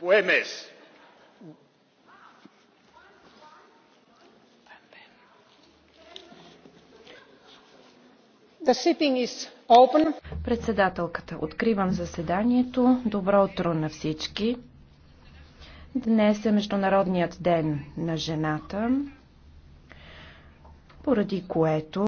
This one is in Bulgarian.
puhemies Председателката, откривам заседанието. Добро утро на всички. Днес е Международният ден на жената, поради което